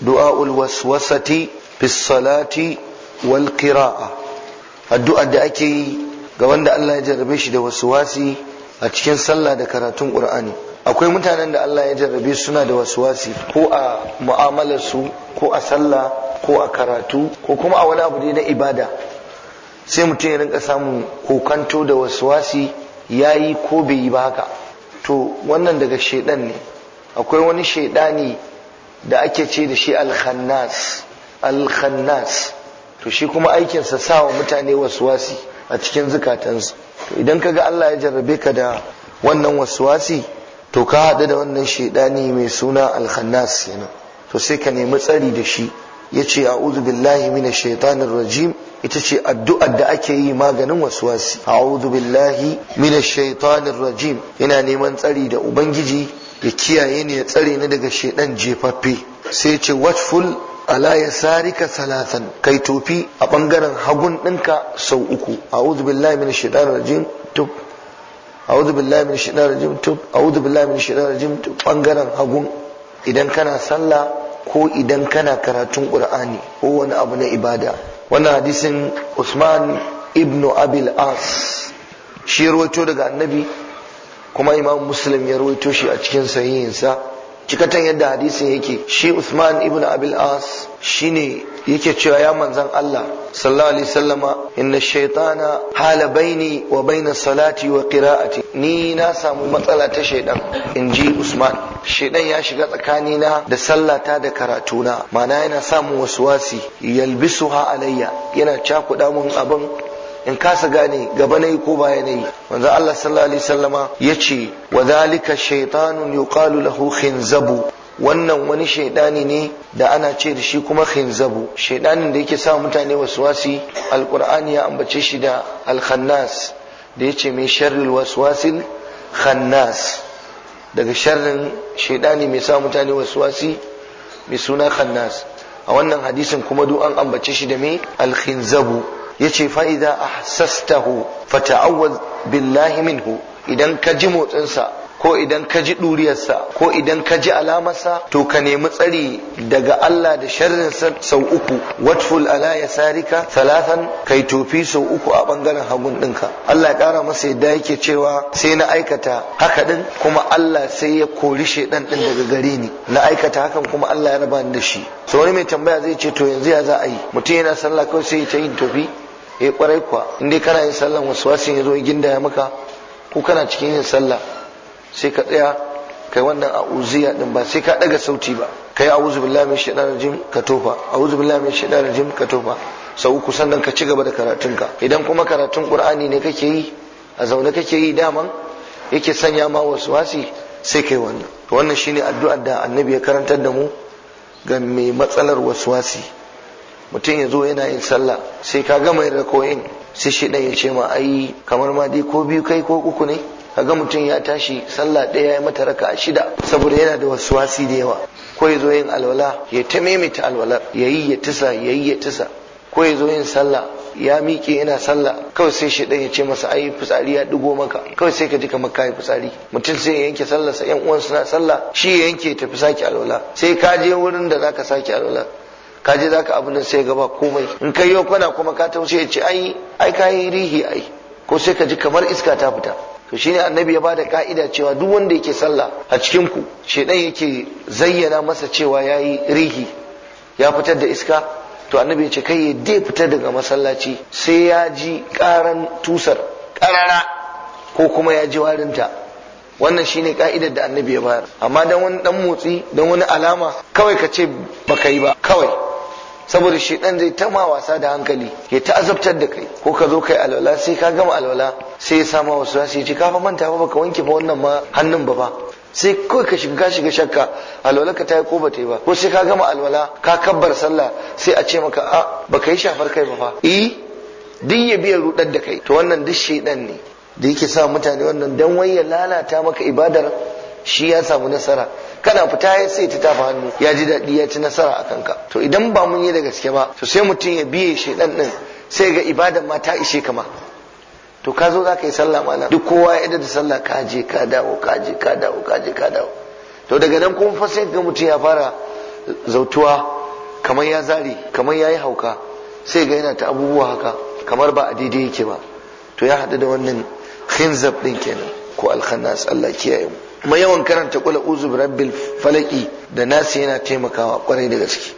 دعاء الوسوسة في الصلاة والقراءة الدعاء دا قوان دا الله يجربيش دا وسواسي أتشين صلى دا كراتون قرآني akwai mutanen da Allah ya jarrabe suna da wasuwasi ko a mu'amalar su, ko a sallah ko a karatu ko kuma a wani abu ne na ibada sai mutum ya rinka samun kokanto da wasuwasi ya yi ko bai yi ba haka to wannan daga shaidan ne akwai wani shaidani da ake ce da shi alkhannas alkhannas to shi kuma aikinsa sawa mutane waswasi a cikin zukatansu to idan kaga Allah ya jarrabe ka da wannan waswasi to ka haɗu da wannan shedani mai suna alkhannas kenan to sai ka nemi tsari da shi yace a'udhu billahi minash shaitanir rajim ita ce addu'ar da ake yi maganin waswasi a'udhu billahi minash shaitanir rajim ina neman tsari da ubangiji ya kiyaye ne ya tsare ni daga shaidan jefaffe sai ce watchful ala ya sarika salatan kai tofi a bangaren hagun ɗinka sau uku a'udhu billahi minash shaitanir rajim tub a'udhu billahi minash shaitanir rajim tub a'udhu billahi minash shaitanir rajim tub bangaren hagun idan kana sallah ko idan kana karatun qur'ani ko wani abu na ibada wannan hadisin Usman Ibnu Abil As shi daga annabi kuma imam muslim ya rawaito shi a cikin sahihinsa cikatan yadda hadisin yake shi Usman ibn Abil As shine yake cewa ya manzan Allah sallallahu alaihi sallama inna shaytana hala baini wa baina salati wa qira'ati ni na samu matsala ta shaidan inji Usman shaidan ya shiga tsakani na da sallata da karatuna mana yana samun waswasi yalbisuha alayya yana cakuɗa mun abin in kasa gane gaba nayi ko baya nayi manzo Allah sallallahu alaihi wasallama yace wa zalika shaytanun yuqalu lahu khinzabu wannan wani shaidani ne da ana ce da shi kuma khinzabu shaidanin da yake sa mutane waswasi alqur'ani ya ambace shi da alkhannas da yace mai sharril waswasil khannas daga sharrin shaidani mai sa mutane waswasi mai suna khannas a wannan hadisin kuma duk an ambace shi da mai alkhinzabu yace fa fata ahsastahu fata'awwaz billahi minhu idan ka ji motsinsa ko idan ka ji ɗuriyarsa ko idan ka ji alamarsa to ka nemi tsari daga Allah da sharrin sau uku watful ala ya sarika Salatan, kai tofi sau uku a ɓangaren hagun ɗinka Allah ya ƙara masa yadda yake cewa sai na aikata haka ɗin kuma Allah sai ya kori shaidan ɗin daga gare ni na aikata hakan kuma Allah ya raba ni da shi so wani mai tambaya zai ce to yanzu ya za a yi mutum yana sallah kawai sai ya ta yin tofi eh kwarai kuwa in dai kana yin sallan waswasin ya zo ginda ya maka ko kana cikin yin sallah sai ka tsaya kai wannan a uziya din ba sai ka daga sauti ba kai a'udhu billahi minash shaitanir rajim ka tofa a'udhu billahi minash shaitanir rajim ka tofa sau uku sannan ka ci gaba da karatunka idan kuma karatun qur'ani ne kake yi a zaune kake yi daman yake sanya ma waswasi sai kai wannan wannan shine addu'ar da annabi ya karantar da mu ga mai matsalar waswasi mutum ya zo yana yin sallah sai ka gama yin rakoyin sai shi ya ce ma ai kamar ma dai ko biyu kai ko uku ne ga mutum ya tashi sallah ɗaya ya mata raka a shida saboda yana da wasu wasi da yawa ko ya zo yin alwala ya ta memita alwalar ya yi ya tisa ya yi ya tisa ko ya zo yin sallah ya miƙe yana sallah kawai sai shi ya ce masa ai fitsari ya digo maka kawai sai ka ji kamar kai fitsari mutum sai ya yanke sa yan uwansu na sallah shi ya yanke tafi sake alwala sai ka je wurin da zaka sake alwala ka je zaka abu nan sai gaba komai in kai yau kwana kuma ka taushe ya ce ai ai kayi rihi ai ko sai ka ji kamar iska ta fita to shine annabi ya bada ka'ida cewa duk wanda yake sallah a cikin ku shedan yake zayyana masa cewa yayi rihi ya fitar da iska to annabi ya ce kai ya dai fitar daga masallaci sai ya ji karan tusar karara ko kuma ya ji warinta wannan shine ka'idar da annabi ya bayar amma dan wani dan motsi dan wani alama kawai ka ce baka yi ba kawai saboda shedan zai ta wasa da hankali ya ta azabtar da kai ko ka zo kai alwala sai ka gama alwala sai ya sama wasu sai ji ka fa manta ba baka wanke ba wannan ma hannun ba ba sai kawai ka shiga shiga shakka alwala ka tayi ko bata yi ba ko sai ka gama alwala ka kabbar sallah sai a ce maka a baka yi shafar kai ba fa eh duk ya biya rudar da kai to wannan duk shedan ne da yake sa mutane wannan dan wai ya lalata maka ibadar shi ya samu nasara kana fita ya sai ta tafa hannu ya ji daɗi ya ci nasara a kanka to idan ba mun yi da gaske ba to sai mutum ya biye ɗan ɗin sai ga ibadan ma ta ishe kama to ka zo za ka yi sallah mana duk kowa ya da sallah ka je ka dawo ka je ka dawo ka je ka dawo to daga nan kuma fa sai ga mutum ya fara zautuwa kamar ya zari kamar ya yi hauka sai ga yana ta abubuwa haka kamar ba a daidai yake ba to ya haɗu da wannan khinzab ɗin kenan ko alkhannas Allah kiyaye mu mai yawan karanta kula uzu rabbil falaki da nasi yana taimakawa kwarai da gaske